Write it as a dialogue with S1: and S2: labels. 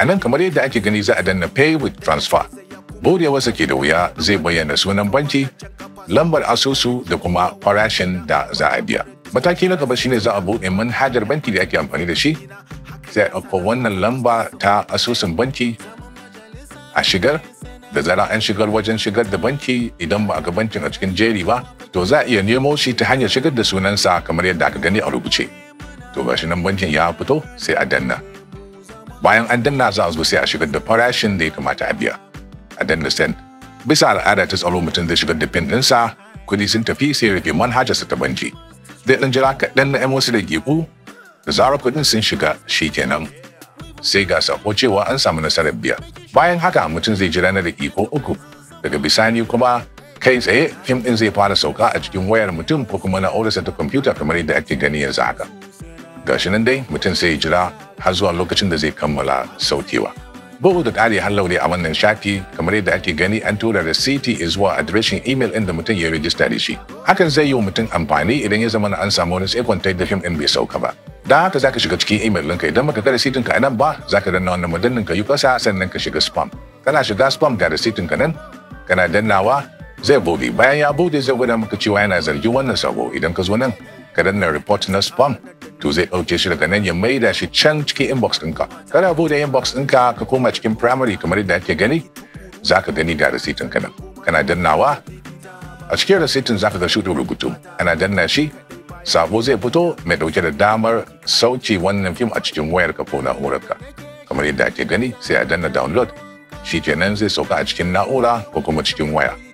S1: A nan kamar yadda ake gani za a danna pay with transfer. wasa ke da wuya zai bayyana sunan banki, lambar asusu da kuma farashin da za a biya. Mataki na gaba shine za a buɗe manhajar banki da ake amfani da shi, sai a ɗauko wannan lamba ta asusun banki a shigar, da zara an shigar wajen shigar da banki idan ba a ga bankin a cikin jeri ba, to za a iya nemo shi ta hanyar shigar da sunansa kamar yadda aka gani a rubuce. To gashi nan bankin ya fito sai a danna. bayan an danna za zo sai a shigar da farashin da ya kamata a biya a danna sen bisa al'ada ta tsaro mutum zai shigar da pin dinsa. kuɗi sun tafi sai rufe su ta banji zai ɗan jira kaɗan na yan wasu da gebu da zarar kuɗin sun shiga shi kenan sai ga sako cewa an samu nasarar biya bayan haka mutum zai jira na daƙiƙo uku daga bisani kuma kai tsaye fim ɗin zai fara sauka a cikin wayar mutum ko kuma na'urarsa ta kwamfuta kamar yadda ake gani yanzu haka gashi nan dai mutum sai ya jira har zuwa lokacin da zai kammala saukewa. Bugu da ƙari har launi a wannan shafi kamar yadda ake gani an tura da ct zuwa adireshin imel ɗin da mutum ya rijista da shi. Hakan zai yi wa mutum amfani idan ya zama na an samu wani tsaikon da fim ɗin bai sauka ba. Da haka za ka shiga cikin imel ɗinka idan baka ga rasitin ka nan ba za ka danna wannan madannin ka yi kasa sannan ka shiga spam. Kana shiga spam ga receipt ka nan kana dannawa zai bude bayan ya bude zai gwada maka cewa yana zargi wannan sabo idan ka zo nan ka danna report na spam to zai ɗauke shi daga nan ya da shi can cikin inbox ɗinka kana bude inbox ɗinka ka koma cikin primary kamar yadda ake gani za ka gani da rasitin ka nan kana dannawa a cikin rasitin za ka ga shuɗin rubutu ana danna shi sabo zai fito mai ɗauke da damar sauke wannan fim a cikin wayar ka ko ka kamar yadda ake gani sai a danna download shi kenan zai sauka a cikin na'ura ko kuma cikin waya